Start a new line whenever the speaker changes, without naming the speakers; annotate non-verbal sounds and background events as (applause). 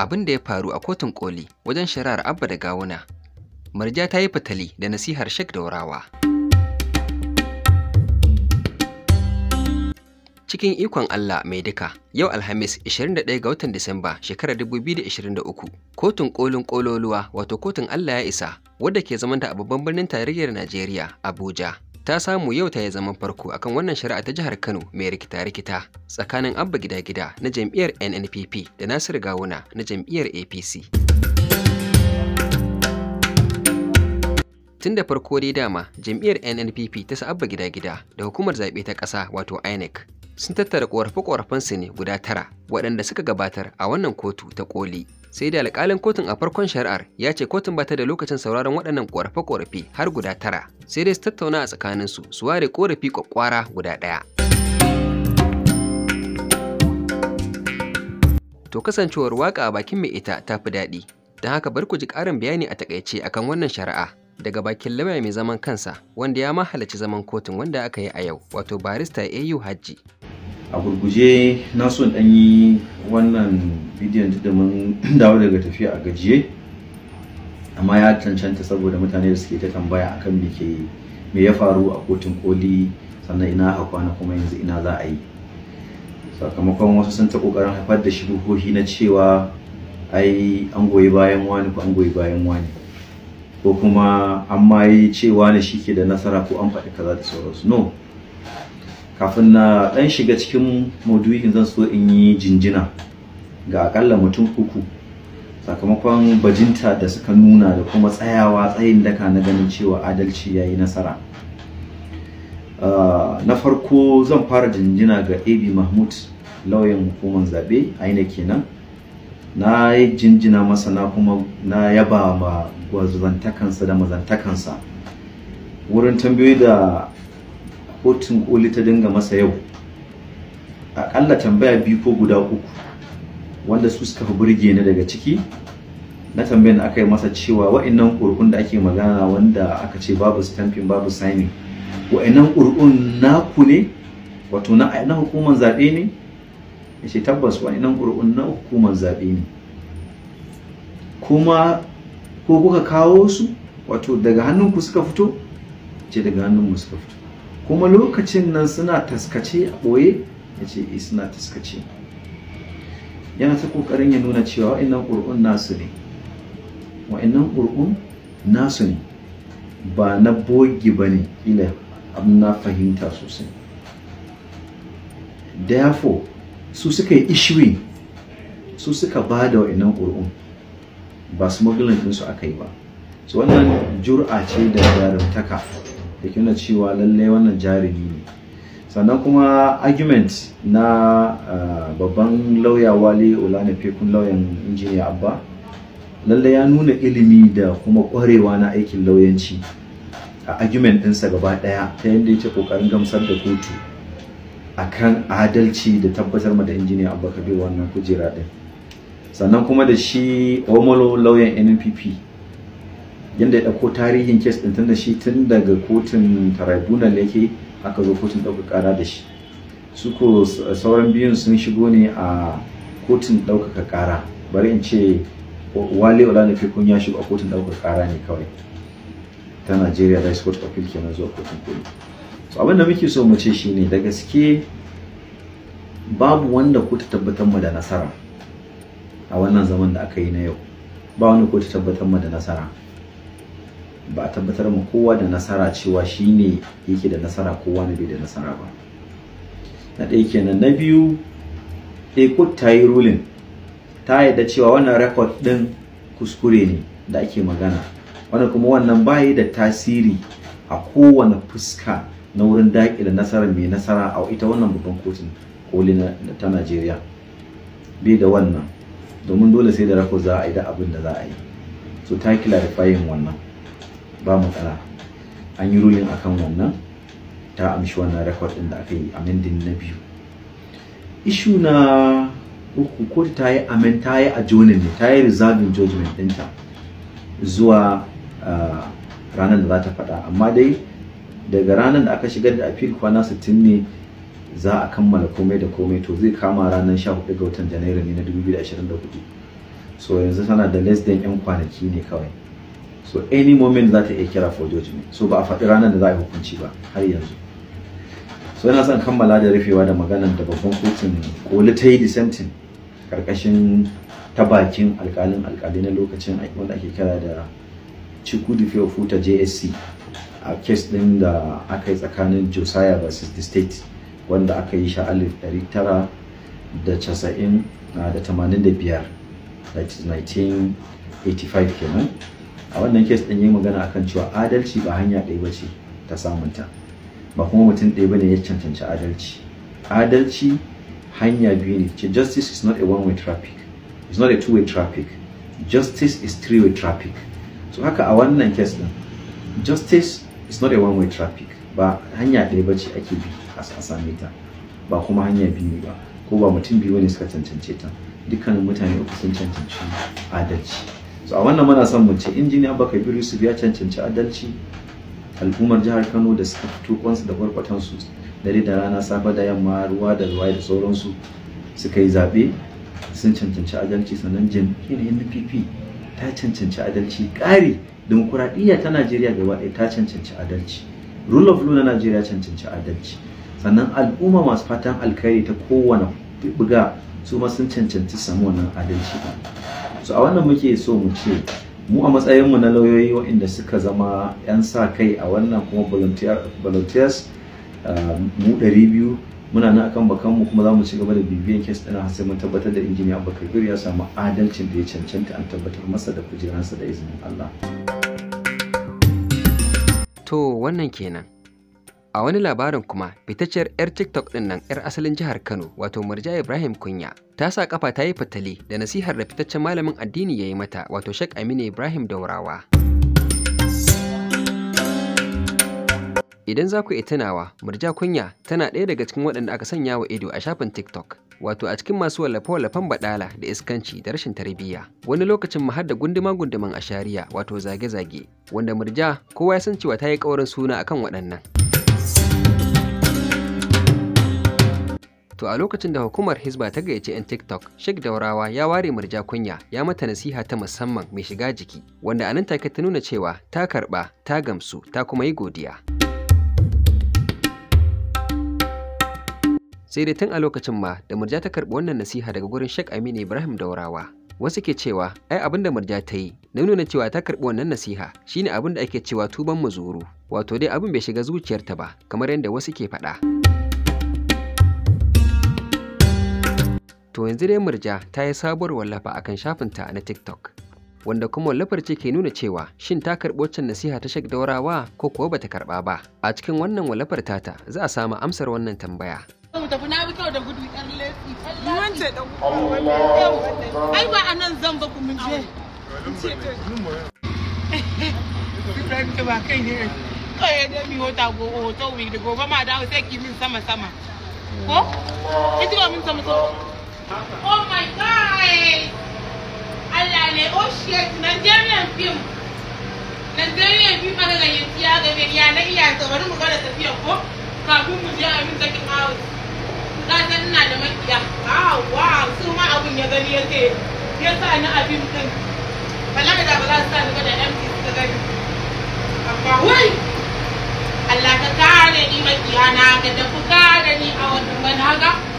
abin da ya faru a kotun koli wajen shirar abba da gawuna marja ta yi fitali da nasihar shek daurawa cikin ikon allah mai duka yau alhamis 21 ga watan disamba shekarar 2023 kotun kolin kololuwa wato kotun allah ya isa wadda ke zamanta a babban birnin tarayyar najeriya abuja ta samu yau ta yi zaman farko akan wannan shari'a ta jihar Kano mai rikita-rikita tsakanin Abba Gida-gida na jam'iyyar NNPP da Nasir Gawuna na jam'iyyar APC. Tun da farko dai dama jam'iyyar NNPP ta sa Abba Gida-gida da hukumar zaɓe ta ƙasa wato INEC sun tattara ƙorafe su ne guda tara waɗanda suka gabatar a wannan kotu ta koli sai da alƙalin kotun a farkon shari'ar ya ce kotun bata da lokacin sauraron waɗannan ƙorafe-ƙorafe har guda tara sai dai su tattauna a tsakaninsu su ware korafi ƙwaƙwara guda ɗaya. To kasancewar waƙa a bakin mai ita ta fi daɗi, don haka bari ku ji ƙarin bayani a taƙaice akan wannan shari'a daga bakin lauya mai zaman kansa wanda ya ma zaman kotun wanda aka yi a yau wato barista AU Hajji.
a gurguje na so dan yi wannan bidiyon da mun (clears throat) dawo daga tafiya a gajiye amma ya cancanta saboda mutane da suke ta tambaya akan me ke me ya faru a kotun koli sannan ina aka kwana kuma yanzu ina za a yi sakamakon wasu sun ta kokarin haifar da shubuhohi na cewa ai an goyi bayan wani ko an goyi bayan wani ko kuma an ma yi cewa ne shi ke da nasara ko an faɗi kaza da sauransu no kafin na ɗan shiga cikin maudu'in zan so in yi jinjina ga akalla mutum uku sakamakon bajinta da suka nuna da kuma tsayawa tsayin daka na ganin cewa adalci ya yi nasara ah, na farko zan fara jinjina ga ab mahmud lauyan hukumar zaɓe aina e kenan na yi jinjina masa na kuma na yaba ma gwazantakansa da mazantakansa wurin tambayoyi da kotun koli ta dinga masa yau akalla tambaya biyu ko guda uku wanda su suka fi burge ni daga ciki na tambayan da aka yi masa cewa wa'annan kurkun da ake magana wanda aka ce babu stamping babu signing wa'annan kurkun naku ne wato na hukumar zaɓe ne ya ce tabbas wa'annan kurkun na hukumar zaɓe ne kuma ko kuka kawo su wato daga hannunku suka fito ce daga hannunmu suka fito kuma lokacin nan suna taskace a ɓoye ya ce e suna taskace yana ta ƙoƙarin ya nuna cewa wa'annan ƙur'un nasu ne wa'annan ƙur'un nasu ne ba na bogi ba ne abin na fahimta sosai therefore su suka yi ishwi su suka ba da wa'annan ƙur'un ba smuggling ɗinsu aka yi ba Su wannan jur'a ce da jarumtaka da ke nuna cewa lallai wannan jarumi ne sannan kuma argument na eh, babban lauya wale olane fekun lauyan injiniya abba lallai ya nuna ilimi da kuma kwarewa na aikin lauyanci a argument ɗinsa gaba ɗaya ta yadda yake ƙoƙarin gamsar da kotu akan adalci da tabbatar da injiniya abba kabir wannan kujera ɗin sannan kuma da shi omolo lauyan nnpp Yanda ya ɗauko tarihin kes ɗin tun da shi tun daga kotun tribunal yake aka zo kotun ɗauka ƙara da shi su ko sauran biyun sun shigo ne a kotun ɗaukaka ƙara bari in ce wale kai kun ya shigo a kotun ɗaukaka ƙara ne kawai ta najeriya da court of appeal kenan zuwa kotun koli so abin da muke so mu ce ne, da gaske babu wanda kotu tabbatar mu da nasara a wannan zaman da aka yi na yau ba wanda kotu tabbatar mu da nasara ba a tabbatar mu kowa da nasara cewa shine yake da nasara kowa ne bai da nasara ba na ɗaya kenan na biyu a court ta yi ruling ta yadda cewa wannan record ɗin kuskure ne da ake magana wanda kuma wannan bayi da tasiri a kowane fuska na wurin daƙi da nasara mai nasara a ita wannan babban kotun koli ta najeriya bai da wannan domin dole sai da rako za a yi da abin da za a yi so ta kila da fayin wannan ba matsala an yi rulin akan wannan ta amshi wannan record din da aka yi amendin na biyu ishu na uku ko ta yi amen ta yi a jonin ne ta yi reserving judgment ɗinta zuwa ah, ranar da za ta faɗa amma dai daga ranar da aka shigar da appeal kwana 60 ne za a kammala komai da komai to zai kama ranar 14 ga watan janairu ne na 2024 so yanzu tana da less than 'yan kwanaki ne kawai so any moment za ta iya kira for judgment so ba a faɗi ranar da za a yi hukunci ba har yanzu so yana son kammala da rufewa da maganar da babban kotun koli ta yi karkashin ta bakin alkalin alkali na lokacin wanda ake kira da chiku dufeo futa jsc a kes din da aka yi tsakanin josiah vs the state wanda aka yi sha alif tara da ah, da kenan a wannan kes ɗin yi magana akan cewa adalci ba hanya ɗaya ba ce ta samunta ba kuma mutum ɗaya bane ya cancanci adalci adalci hanya biyu ne ce justice is not a one way traffic it's not a two way traffic justice is three way traffic so haka a wannan kes ɗin justice is not a one way traffic ba hanya ɗaya ba ce ake bi a same ta ba kuma hanya biyu ba ko ba mutum biyu ne suka cancance ta dukkanin mutane uku sun cancanci adalci so a wannan muna son mu ce injiniya baka biyu yusuf ya cancanci adalci al'ummar jihar kano da suka fito kwansu da kwarkwatansu dare da rana safe da yamma ruwa da ruwa da sauransu suka yi zaɓe sun cancanci adalci sannan jam'iyyar npp ta cancanci adalci ƙari demokuraɗiyya ta najeriya gaba ɗaya ta cancanci adalci rule of law na najeriya cancanci adalci sannan al'umma masu fatan alkhairi ta kowane buga su ma sun cancanci samu wannan adalci so a wannan muke so mu ce mu a matsayinmu na lauyoyi waɗanda suka zama 'yan sa kai a wannan kuma volunteers ah, mu 200 muna nan akan bakanmu kuma za mu ci gaba da bibiyan kes ɗin har sai mun tabbatar da injiniya abubakar ya samu adalcin da ya cancanta an tabbatar masa da kujeransa da izinin allah
to wannan kenan A wani labarin kuma, fitacciyar 'yar TikTok ɗin nan 'yar asalin jihar Kano, wato Murja Ibrahim Kunya, ta sa kafa ta yi fitali da nasihar da fitaccen malamin addini ya yi mata, wato Sheikh Aminu Ibrahim Daurawa. Idan za ku yi tunawa, Murja Kunya tana ɗaya daga cikin waɗanda aka sanya wa ido a shafin TikTok, wato a cikin masu wallafe-wallafen baɗala da iskanci da rashin tarbiyya. Wani lokacin mu da gunduma-gunduman a shariya wato zage-zage, wanda Murja kowa ya san cewa ta yi ƙaurin suna akan waɗannan. To a lokacin da hukumar Hizba ta gayyace 'yan TikTok, Sheikh Daurawa ya ware murja kunya ya mata nasiha ta musamman mai shiga jiki, wanda a nan take ta nuna cewa ta karɓa, ta gamsu, ta kuma yi godiya. Sai dai tun a lokacin ma da murja ta karɓi wannan nasiha daga gurin Sheikh Aminu Ibrahim Daurawa, wasu ke cewa ai abin da murja ta yi na nuna cewa ta karɓi wannan nasiha shine abin da ake cewa tuban muzuru wato dai abin bai shiga zuciyarta ba kamar yadda wasu ke faɗa. To yanzu dai Murja ta yi sabuwar wallafa akan shafinta na TikTok. Wanda kuma wallafar ce ke nuna cewa shin ta karɓo waccan nasiha ta shak daurawa ko kuwa bata karɓa ba. A cikin wannan wallafar tata za a samu amsar wannan tambaya.
wata (laughs) hoto da gobe ma dawo sai ki min sama sama. Ko? Ki min sama sama. Oh my God! Allah ne oshiyat Nigerian film. Nigerian film aka gayyaci ya ga ya na iya ta bari mu gara tafiya ko kafin mu je abin da kin hawo. Ka san ina da makiya. Ah wow, su ma abun ya gani yake ya sa ni abin din. Wallahi da ba za su sa ni ba da MT suka gani. Amma wai Allah ka kare ni makiyana ka tafi kare ni a wannan manhaga.